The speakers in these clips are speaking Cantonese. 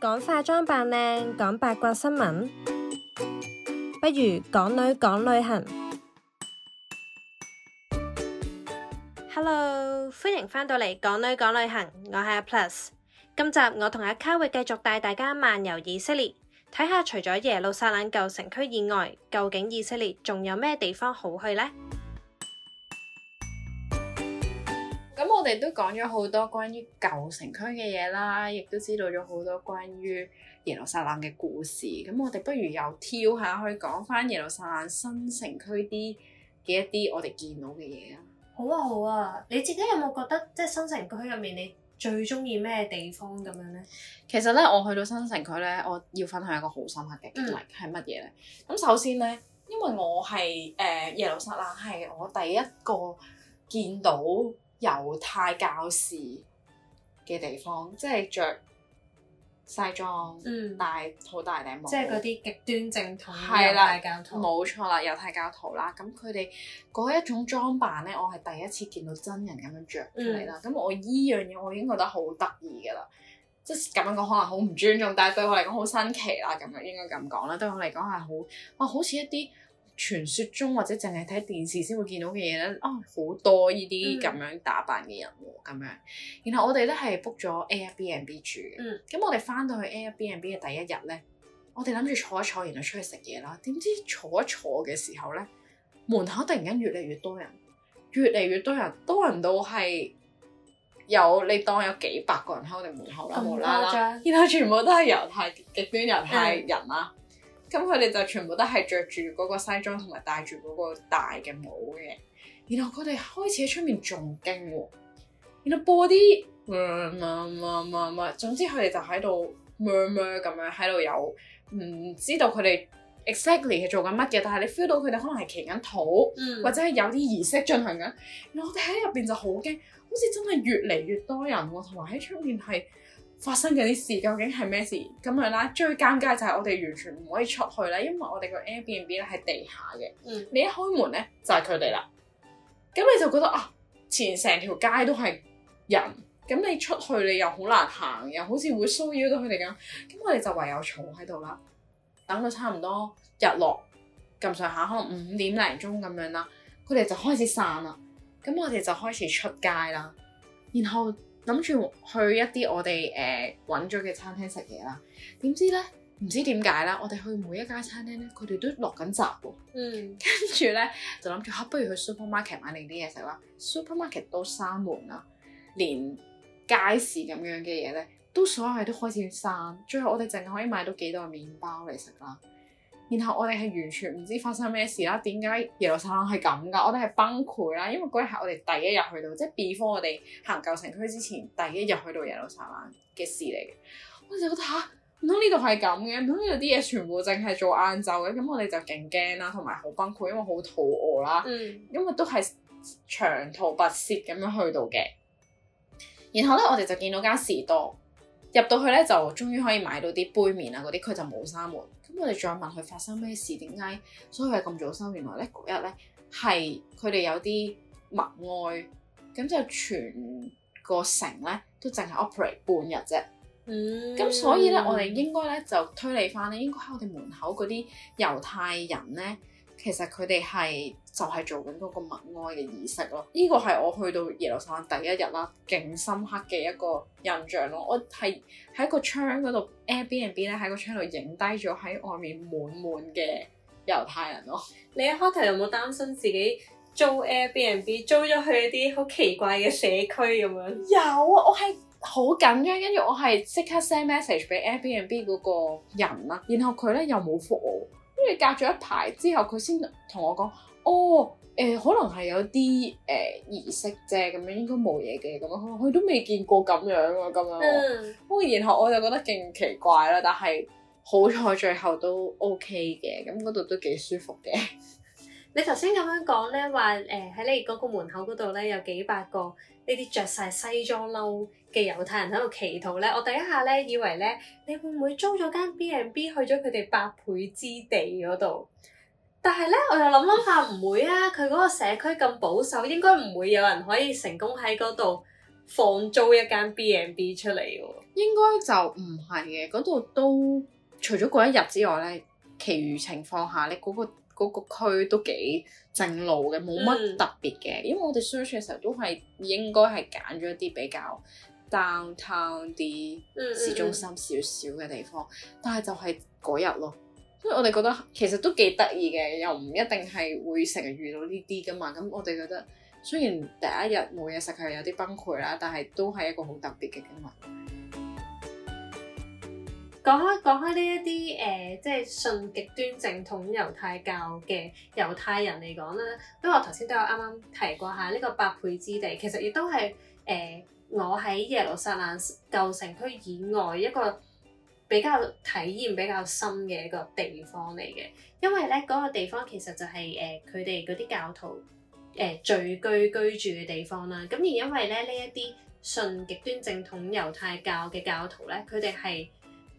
講化妝扮靚，講八卦新聞，不如港女講旅行。Hello，歡迎返到嚟港女講旅行，我係阿 Plus，今集我同阿卡會繼續帶大家漫遊以色列，睇下除咗耶路撒冷舊城區以外，究竟以色列仲有咩地方好去呢？我哋都講咗好多關於舊城區嘅嘢啦，亦都知道咗好多關於耶路撒冷嘅故事。咁我哋不如又跳下去講返耶路撒冷新城區啲嘅一啲我哋見到嘅嘢啊！好啊，好啊！你自己有冇覺得即係新城區入面你最鍾意咩地方咁樣呢？其實咧，我去到新城區咧，我要分享一個好深刻嘅經歷係乜嘢咧？咁、嗯、首先咧，因為我係誒、呃、耶路撒冷係我第一個見到猶太教士嘅地方，即係着西裝，戴好、嗯、大頂帽，即係嗰啲極端正統猶太教徒。係啦，冇錯啦，猶太教徒啦，咁佢哋嗰一種裝扮咧，我係第一次見到真人咁樣著出嚟啦。咁、嗯、我依樣嘢我已經覺得好得意噶啦，即係咁樣講可能好唔尊重，但係對我嚟講好新奇啦。咁樣應該咁講啦，對我嚟講係好，啊好似一啲傳說中或者淨係睇電視先會見到嘅嘢咧，哦，好多呢啲咁樣打扮嘅人喎，咁樣、嗯。然後我哋咧係 book 咗 Airbnb 住嘅，咁、嗯、我哋翻到去 Airbnb 嘅第一日咧，我哋諗住坐一坐，然後出去食嘢啦。點知坐一坐嘅時候咧，門口突然間越嚟越多人，越嚟越多人，多人到係有你當有幾百個人喺我哋門口啦，無啦啦，沒法 然，然後全部都係猶太極端猶太人啊！嗯嗯咁佢哋就全部都係着住嗰個西裝同埋戴住嗰個大嘅帽嘅，然後佢哋開始喺出面仲經喎，然後播啲乜乜乜乜，總之佢哋就喺度乜乜咁樣喺度有，唔知道佢哋 exactly 係做緊乜嘅，但係你 feel 到佢哋可能係祈緊禱，嗯、或者係有啲儀式進行緊。然後我哋喺入邊就好驚，好似真係越嚟越多人喎，同埋喺出面係。發生嘅啲事究竟係咩事？咁樣啦，最尷尬就係我哋完全唔可以出去啦，因為我哋個 Airbnb 咧喺地下嘅。嗯，你一開門咧就係佢哋啦。咁你就覺得啊，前成條街都係人，咁你出去你又好難行，又好似會騷擾到佢哋咁。咁我哋就唯有坐喺度啦，等到差唔多日落咁上下，可能五點零鐘咁樣啦。佢哋就開始散啦，咁我哋就開始出街啦，然後。諗住去一啲我哋誒揾咗嘅餐廳食嘢啦，點知咧唔知點解啦，我哋去每一間餐廳咧，佢哋都落緊閘喎。嗯，跟住咧就諗住嚇，不如去 supermarket 另買啲嘢食啦。supermarket 都閂門啦，連街市咁樣嘅嘢咧，都所有嘢都開始閂。最後我哋淨係可以買到幾袋麪包嚟食啦。然後我哋係完全唔知發生咩事啦，點解耶路撒冷係咁噶？我哋係崩潰啦，因為嗰日係我哋第一日去到，即係 before 我哋行舊城區之前第一日去到耶路撒冷嘅事嚟嘅。我哋就覺得吓，唔通呢度係咁嘅，唔通呢度啲嘢全部淨係做晏晝嘅，咁我哋就勁驚啦，同埋好崩潰，因為好肚餓啦，因為、嗯、因為都係長途跋涉咁樣去到嘅。然後咧，我哋就見到間士多，入到去咧就終於可以買到啲杯麵啊嗰啲，佢就冇閂門。咁我哋再問佢發生咩事？點解所以佢咁早收？原來咧嗰日咧係佢哋有啲默哀，咁就全個城咧都淨係 operate 半日啫。咁、嗯、所以咧，我哋應該咧就推理返咧，應該喺我哋門口嗰啲猶太人咧。其實佢哋係就係、是、做緊嗰個默哀嘅儀式咯，呢個係我去到耶路撒冷第一日啦，勁深刻嘅一個印象咯。我係喺個窗嗰度 Airbnb 咧，喺個窗度影低咗喺外面滿滿嘅猶太人咯。你一開頭有冇擔心自己租 Airbnb 租咗去一啲好奇怪嘅社區咁樣？有啊，我係好緊張，跟住我係即刻 send message 俾 Airbnb 嗰個人啦，然後佢咧又冇覆我。跟住隔咗一排之後，佢先同我講：哦，誒、呃，可能係有啲誒、呃、儀式啫，咁樣應該冇嘢嘅。咁佢佢都未見過咁樣啊，咁樣喎。嗯、然後我就覺得勁奇怪啦，但係好彩最後都 OK 嘅，咁嗰度都幾舒服嘅。你頭先咁樣講咧，話誒喺你嗰個門口嗰度咧，有幾百個呢啲着晒西裝褸嘅猶太人喺度祈禱咧。我第一下咧以為咧，你會唔會租咗間 B and B 去咗佢哋百倍之地嗰度？但係咧，我又諗諗下唔會啊！佢嗰個社區咁保守，應該唔會有人可以成功喺嗰度放租一間 B and B 出嚟喎。應該就唔係嘅，嗰度都除咗嗰一日之外咧，其餘情況下你嗰個。嗰個區都幾正路嘅，冇乜特別嘅，嗯、因為我哋 search 嘅時候都係應該係揀咗一啲比較 downtown 啲市、嗯嗯、中心少少嘅地方，但係就係嗰日咯，所以我哋覺得其實都幾得意嘅，又唔一定係會成日遇到呢啲噶嘛。咁我哋覺得雖然第一日冇嘢食係有啲崩潰啦，但係都係一個好特別嘅經歷。講開講開呢一啲誒、呃，即係信極端正統猶太教嘅猶太人嚟講啦。因為我頭先都有啱啱提過下呢、這個百倍之地，其實亦都係誒我喺耶路撒冷舊城區以外一個比較體驗比較深嘅一個地方嚟嘅。因為咧嗰、那個地方其實就係誒佢哋嗰啲教徒誒、呃、聚居居住嘅地方啦。咁而因為咧呢一啲信極端正統猶太教嘅教徒咧，佢哋係。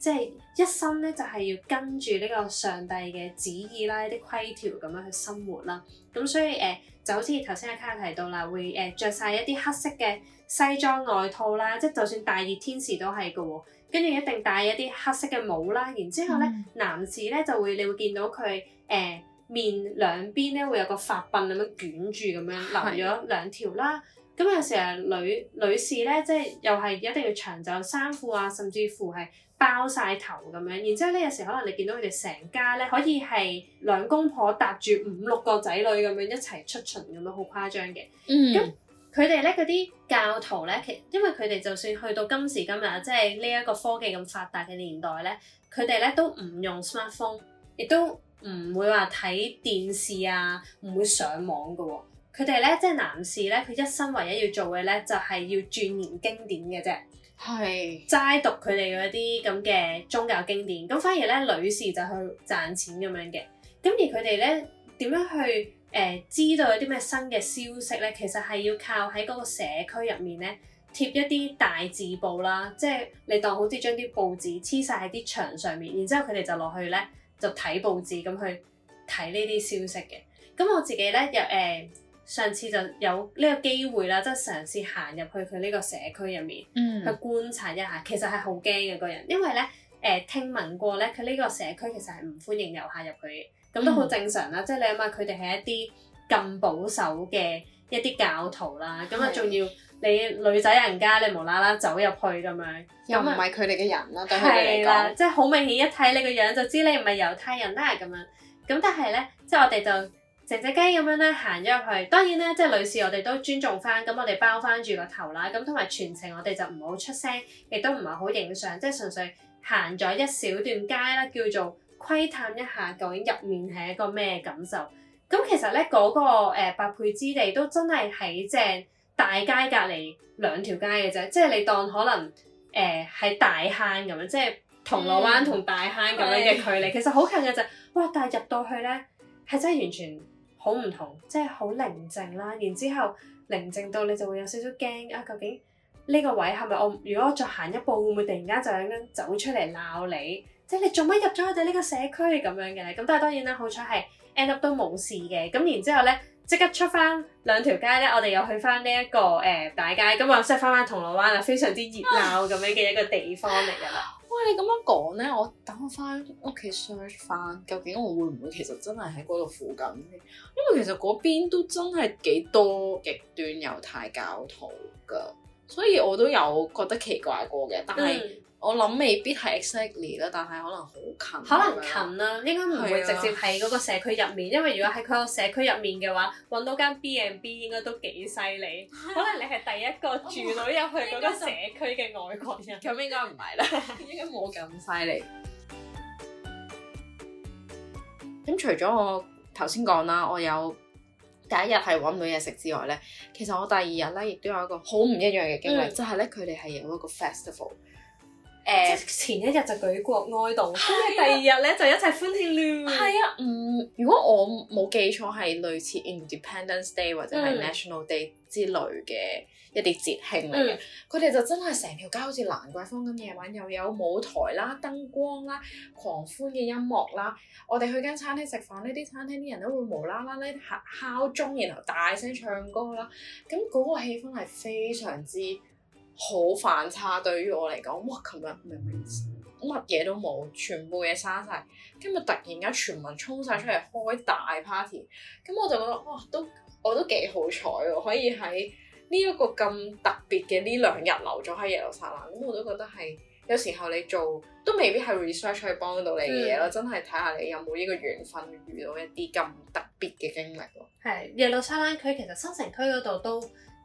即係一生咧，就係、是、要跟住呢個上帝嘅旨意啦、啲規條咁樣去生活啦。咁所以誒、呃，就好似頭先阿卡提到啦，會誒著曬一啲黑色嘅西裝外套啦，即係就算大熱天時都係㗎喎。跟住一定戴一啲黑色嘅帽啦。然之後咧，嗯、男士咧就會你會見到佢誒、呃、面兩邊咧會有個髮鬢咁樣捲住咁樣留咗兩條啦。咁的有時係女女士咧，即係又係一定要長袖衫褲啊，甚至乎係。包晒頭咁樣，然之後呢，有時可能你見到佢哋成家咧，可以係兩公婆搭住五六個仔女咁樣一齊出巡咁樣，好誇張嘅。嗯。咁佢哋咧，嗰啲教徒咧，其因為佢哋就算去到今時今日，即係呢一個科技咁發達嘅年代咧，佢哋咧都唔用 smartphone，亦都唔會話睇電視啊，唔會上網㗎喎。佢哋咧即係男士咧，佢一生唯一要做嘅咧就係要鑽研經典嘅啫。係齋讀佢哋嗰啲咁嘅宗教經典，咁反而咧女士就去賺錢咁樣嘅，咁而佢哋咧點樣去誒、呃、知道有啲咩新嘅消息咧？其實係要靠喺嗰個社區入面咧貼一啲大字報啦，即係你當好似將啲報紙黐晒喺啲牆上面，然之後佢哋就落去咧就睇報紙咁去睇呢啲消息嘅。咁、嗯、我自己咧又誒。上次就有呢個機會啦，即、就、係、是、嘗試行入去佢呢個社區入面，嗯、去觀察一下。其實係好驚嘅個人，因為咧誒、呃、聽聞過咧，佢呢個社區其實係唔歡迎遊客入去，咁、嗯、都好正常啦。即、就、係、是、你諗下，佢哋係一啲咁保守嘅一啲教徒啦，咁啊仲要你女仔人家，你無啦啦走入去咁樣，又唔係佢哋嘅人啦，對佢哋嚟講，即係好明顯一睇你個樣就知你唔係猶太人啦咁樣。咁但係咧，即、就、係、是、我哋就成隻雞咁樣咧行咗入去，當然咧即係女士，我哋都尊重翻，咁我哋包翻住個頭啦，咁同埋全程我哋就唔好出聲，亦都唔係好影相，即係純粹行咗一小段街啦，叫做窺探一下究竟入面係一個咩感受。咁其實咧嗰、嗰個誒百、呃、倍之地都真係喺正大街隔離兩條街嘅啫，即係你當可能誒喺、呃、大坑咁樣，即係銅鑼灣同大坑咁樣嘅距離，嗯、其實好近嘅就係哇！ 但係入到去咧係真係完全～好唔同，即係好寧靜啦。然之後寧靜到你就會有少少驚啊！究竟呢個位係咪我？如果我再行一步，會唔會突然間就咁樣走出嚟鬧你？即係你做乜入咗我哋呢個社區咁樣嘅咧？咁但係當然啦，好彩係 end up 都冇事嘅。咁然之後咧，即刻出翻兩條街咧，我哋又去翻呢一個誒、呃、大街咁啊，即係翻翻銅鑼灣啦，非常之熱鬧咁樣嘅一個地方嚟嘅啦。喂，你咁樣講咧，我等我翻屋企 search 翻，究竟我會唔會其實真係喺嗰度附近嘅？因為其實嗰邊都真係幾多極端猶太教徒噶，所以我都有覺得奇怪過嘅，但係。嗯我諗未必係 exactly 啦，但係可能好近。可能近啦，應該唔會直接喺嗰個社區入面， 因為如果喺佢個社區入面嘅話，揾到間 B and B 應該都幾犀利。 可能你係第一個住到入去嗰個社區嘅外國人。咁 應該唔係啦， 應該冇咁犀利。咁 除咗我頭先講啦，我有第一日係揾唔到嘢食之外呢，其實我第二日呢亦都有一個好唔一樣嘅經歷，嗯、就係呢，佢哋係有一個 festival。前一日就舉國哀悼，咁你第二日咧就一齊歡喜。係啊，嗯，如果我冇記錯，係類似 Independence Day 或者係 National Day 之類嘅一啲節慶嚟嘅。佢哋就真係成條街好似蘭桂坊咁，夜晚又有舞台啦、燈光啦、狂歡嘅音樂啦。我哋去間餐廳食飯呢，啲餐廳啲人都會無啦啦咧敲鐘，然後大聲唱歌啦。咁嗰個氣氛係非常之～好反差，對於我嚟講。哇！琴日咩意思？乜嘢都冇，全部嘢生晒。今日突然間全民衝晒出嚟開大 party，咁我就覺得哇，都我都幾好彩喎，可以喺呢一個咁特別嘅呢兩日留咗喺耶路撒冷，咁我都覺得係有時候你做都未必係 research 去幫到你嘅嘢咯，的真係睇下你有冇呢個緣分遇到一啲咁特別嘅經歷喎。係耶路撒冷佢其實新城區嗰度都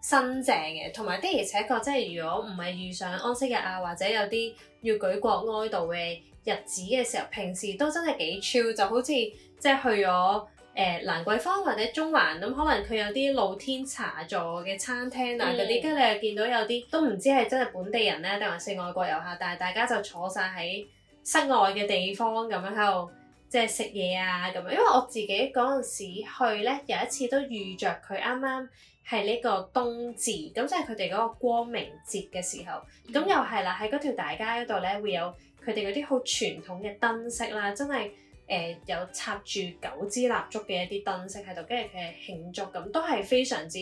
新淨嘅，同埋的而且確，即係如果唔係遇上安息日啊，或者有啲要舉國哀悼嘅日子嘅時候，平時都真係幾 chill，就好似即係去咗誒、呃、蘭桂坊或者中環咁、嗯，可能佢有啲露天茶座嘅餐廳啊嗰啲，跟住、嗯、你又見到有啲都唔知係真係本地人咧，定還是外國遊客，但係大家就坐晒喺室外嘅地方咁樣喺度即係食嘢啊咁樣。因為我自己嗰陣時去咧，有一次都遇着佢啱啱，係呢個冬至，咁即係佢哋嗰個光明節嘅時候，咁、嗯、又係啦，喺嗰條大街嗰度咧，會有佢哋嗰啲好傳統嘅燈飾啦，真係誒、呃、有插住九支蠟燭嘅一啲燈飾喺度，跟住佢哋慶祝咁，都係非常之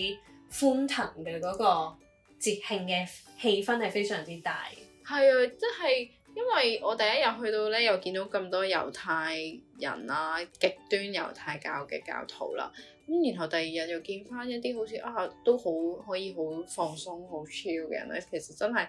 歡騰嘅嗰個節慶嘅氣氛係非常之大。係啊，即係因為我第一日去到咧，又見到咁多猶太人啦，極端猶太教嘅教徒啦。咁然後第二日又見翻一啲好似啊都好可以好放，放鬆好 chill 嘅人咧，其實真係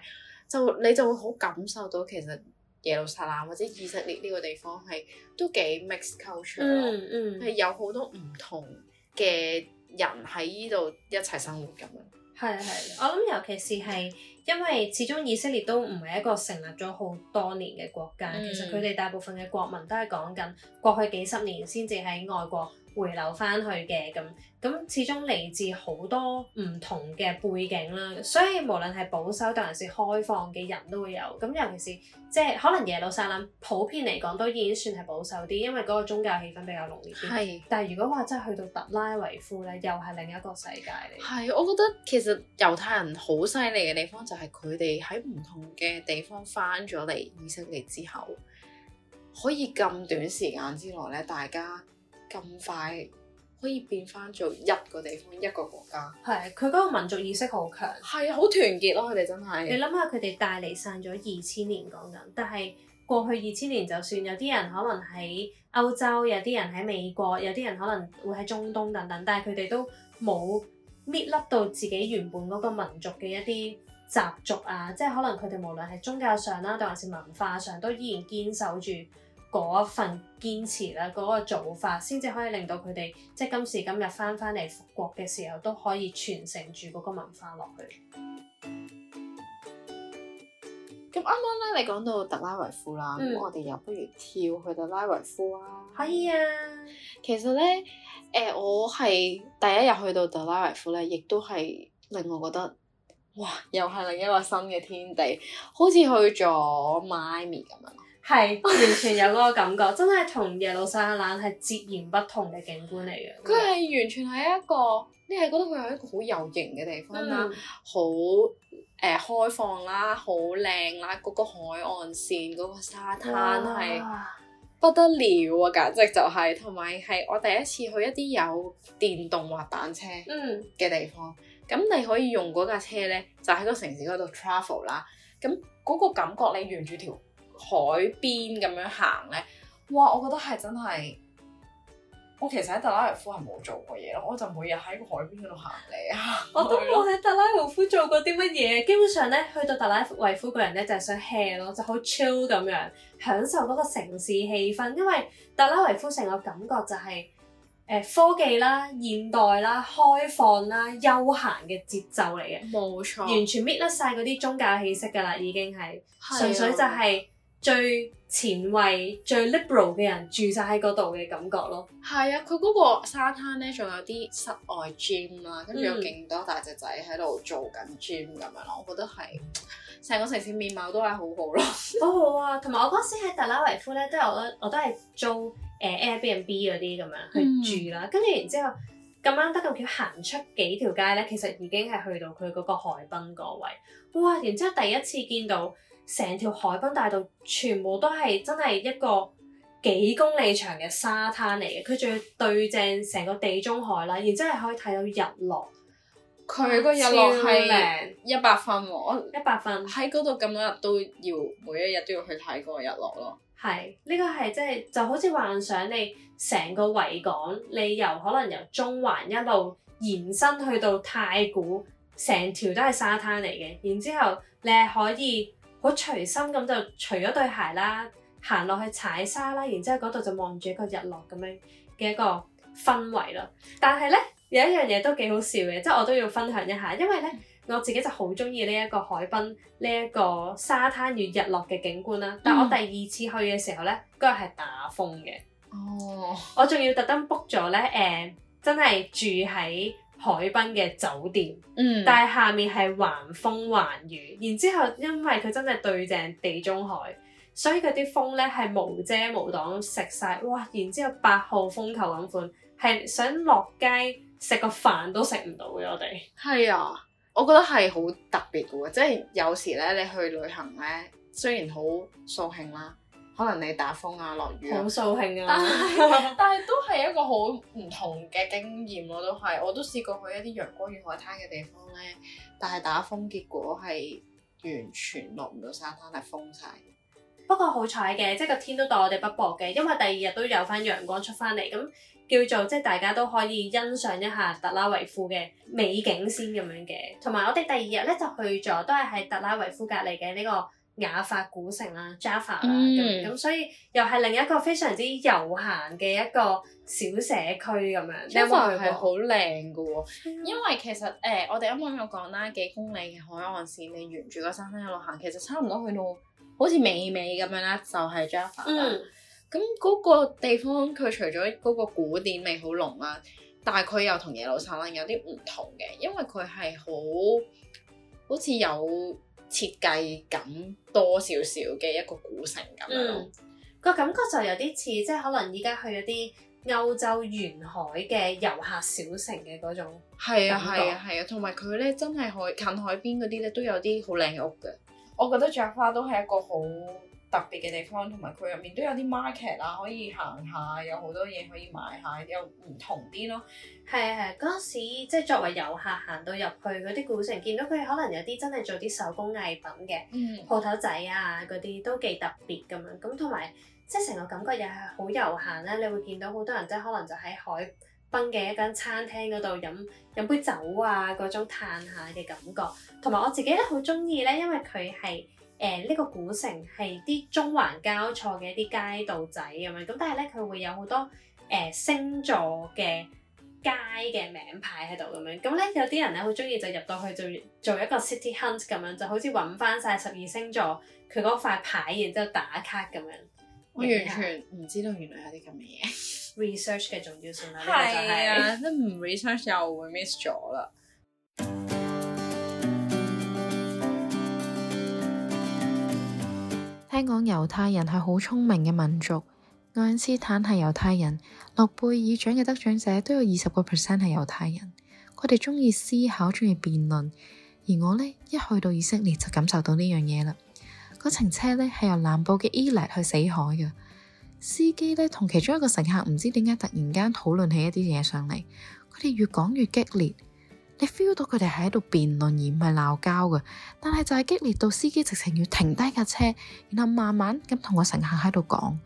就你就會好感受到其實耶路撒冷或者以色列呢個地方係都幾 mixed culture，係、嗯嗯、有好多唔同嘅人喺呢度一齊生活咁樣。係係，我諗尤其是係因為始終以色列都唔係一個成立咗好多年嘅國家，嗯、其實佢哋大部分嘅國民都係講緊過去幾十年先至喺外國。回流返去嘅咁咁，始終嚟自好多唔同嘅背景啦，所以無論係保守定還是開放嘅人都會有。咁尤其是即係可能耶路撒冷普遍嚟講都已經算係保守啲，因為嗰個宗教氣氛比較濃烈啲。係。但係如果話真係去到特拉維夫咧，又係另一個世界嚟。係，我覺得其實猶太人好犀利嘅地方就係佢哋喺唔同嘅地方返咗嚟以色列之後，可以咁短時間之內咧，大家，咁快可以變翻做一個地方、嗯、一個國家。係佢嗰個民族意識好強。係啊，好團結咯，佢哋真係。你諗下佢哋帶離散咗二千年講緊，但係過去二千年就算有啲人可能喺歐洲，有啲人喺美國，有啲人可能會喺中東等等，但係佢哋都冇搣甩到自己原本嗰個民族嘅一啲習俗啊，即係可能佢哋無論係宗教上啦，定還是文化上，都依然堅守住。嗰一份堅持啦，嗰、那個做法，先至可以令到佢哋即係今時今日翻翻嚟復國嘅時候，都可以傳承住嗰個文化落去。咁啱啱咧，你講到特拉維夫啦，咁、嗯、我哋又不如跳去特拉維夫啊！可以啊。其實咧，誒、呃，我係第一日去到特拉維夫咧，亦都係令我覺得，哇！又係另一個新嘅天地，好似去咗 Miami 咁樣。係完全有嗰個感覺， 真係同耶路撒冷係截然不同嘅景觀嚟嘅。佢係完全係一個，你係覺得佢係一個好有型嘅地方啦，好誒、嗯呃、開放啦，好靚啦，嗰、那個海岸線、嗰、那個沙灘係不得了啊！簡直就係、是，同埋係我第一次去一啲有電動滑板車嗯嘅地方，咁、嗯、你可以用嗰架車咧，就喺個城市嗰度 travel 啦。咁嗰個感覺，你沿住條～海邊咁樣行咧，哇！我覺得係真係，我其實喺特拉維夫係冇做過嘢咯，我就每日喺個海邊嗰度行嚟啊！我都冇喺特拉維夫做過啲乜嘢，基本上咧去到特拉維夫個人咧就係想 hea 咯，就好 chill 咁樣享受嗰個城市氣氛，因為特拉維夫成個感覺就係、是、誒、呃、科技啦、現代啦、開放啦、休閒嘅節奏嚟嘅，冇錯，完全搣甩晒嗰啲宗教氣息噶啦，已經係的純粹就係、是。最前衛、最 liberal 嘅人住晒喺嗰度嘅感覺咯，係啊！佢嗰個沙灘咧，仲有啲室外 gym 啦，跟住、嗯、有勁多大隻仔喺度做緊 gym 咁樣咯，我覺得係成個城市面貌都係好好咯，好好啊！同埋我嗰時喺特拉維夫咧，都係我我都係租誒 Airbnb 嗰啲咁樣去住啦，嗯、跟住然之後咁啱得咁巧行出幾條街咧，其實已經係去到佢嗰個海濱嗰位，哇！然之後第一次見到。成條海濱大道全部都係真係一個幾公里長嘅沙灘嚟嘅，佢仲要對正成個地中海啦，然之後可以睇到日落。佢個日落係一百分喎，一百分喺嗰度咁多日都要每一日都要去睇嗰個日落咯。係呢、呢個係即係就好似幻想你成個維港，你由可能由中環一路延伸去到太古，成條都係沙灘嚟嘅，然之後你係可以。好隨心咁就除咗對鞋啦，行落去踩沙啦，然之後嗰度就望住一個日落咁樣嘅一個氛圍咯。但係咧有一樣嘢都幾好笑嘅，即係我都要分享一下，因為咧我自己就好中意呢一個海濱、呢一個沙灘與日落嘅景觀啦。但係我第二次去嘅時候咧，嗰日係打風嘅。哦，我仲要特登 book 咗咧，誒、呃，真係住喺海濱嘅酒店，嗯、但係下面係橫風橫雨，然之後因為佢真係對正地中海，所以嗰啲風咧係無遮無擋，食晒。哇！然之後八號風球咁款，係想落街食個飯都食唔到嘅我哋，係啊，我覺得係好特別嘅喎，即係有時咧你去旅行咧，雖然好掃興啦。可能你打風啊落雨，好掃興啊！啊但係是 都係一個好唔同嘅經驗，我都係，我都試過去一啲陽光與海灘嘅地方咧，但係打風，結果係完全落唔到沙灘，係封晒。不過好彩嘅，即係個天都待我哋不薄嘅，因為第二日都有翻陽光出翻嚟，咁叫做即係大家都可以欣賞一下特拉維夫嘅美景先咁樣嘅。同埋我哋第二日咧就去咗，都係喺特拉維夫隔離嘅呢個。雅法古城啦，Jaffa 啦咁，咁、嗯、所以又係另一個非常之悠閒嘅一個小社區咁樣。Jaffa 係好靚噶，嗯、因為其實誒、呃，我哋啱啱有講啦，幾公里嘅海岸線，你沿住個沙灘一路行，其實差唔多去到好似美美咁樣啦，就係 Jaffa 啦。咁嗰個地方佢除咗嗰個古典味好濃啦，但係佢又同耶路撒冷有啲唔同嘅，因為佢係好好似有。設計感多少少嘅一個古城咁樣，嗯、個感覺就有啲似即係可能依家去一啲歐洲沿海嘅遊客小城嘅嗰種。係啊係啊係啊，同埋佢咧真係海近海邊嗰啲咧都有啲好靚嘅屋嘅。我覺得雀花都係一個好。特別嘅地方，同埋佢入面都有啲 market 啊，可以行下，有好多嘢可以買下，有唔同啲咯。係啊係，嗰陣時即係作為遊客行到入去嗰啲古城，見到佢可能有啲真係做啲手工藝品嘅嗯，鋪頭仔啊，嗰啲都幾特別咁樣。咁同埋即係成個感覺又係好悠閒咧。你會見到好多人即係可能就喺海濱嘅一間餐廳嗰度飲飲杯酒啊，嗰種嘆下嘅感覺。同埋我自己都好中意咧，因為佢係。誒呢、呃呢個古城係啲中環交錯嘅一啲街道仔咁樣，咁但係咧佢會有好多誒、呃、星座嘅街嘅名牌喺度咁樣，咁咧有啲人咧好中意就入到去做做一個 city hunt 咁樣，就好似揾翻晒十二星座佢嗰塊牌，然之後打卡咁樣。我完全唔下知道原來有啲咁嘅嘢，research 嘅重要性啦，係 啊，都唔 research 又會 miss 咗啦。聽講猶太人係好聰明嘅民族，愛因斯坦係猶太人，諾貝爾獎嘅得獎者都有二十個 percent 係猶太人。佢哋中意思考，中意辯論。而我呢，一去到以色列就感受到呢樣嘢啦。嗰程車呢係由南部嘅 Eilat 去死海嘅，司機呢同其中一個乘客唔知點解突然間討論起一啲嘢上嚟，佢哋越講越激烈。你 feel 到佢哋係喺度辯論而唔係鬧交嘅，但係就係激烈到司機直情要停低架車，然後慢慢咁同個乘客喺度講，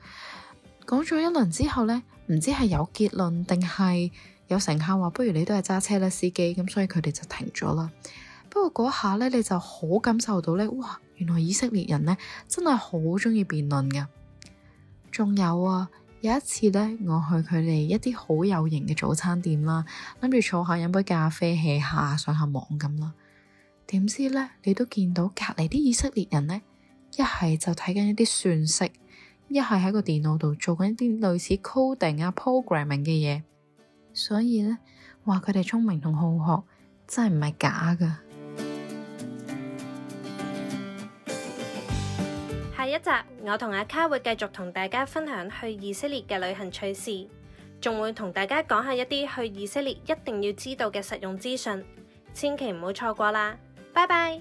講咗一輪之後呢，唔知係有結論定係有乘客話不如你都係揸車啦，司機咁，所以佢哋就停咗啦。不過嗰下呢，你就好感受到呢：「哇，原來以色列人呢，真係好中意辯論噶，仲有啊。有一次呢，我去佢哋一啲好有型嘅早餐店啦，諗住坐下飲杯咖啡 hea 下上下網咁啦。點知呢，你都見到隔離啲以色列人呢，一係就睇緊一啲算式，一係喺個電腦度做緊一啲類似 coding 啊 programming 嘅嘢。所以呢，話佢哋聰明同好學真係唔係假㗎。下一集，我同阿卡會繼續同大家分享去以色列嘅旅行趣事，仲會同大家講下一啲去以色列一定要知道嘅實用資訊，千祈唔好錯過啦！拜拜。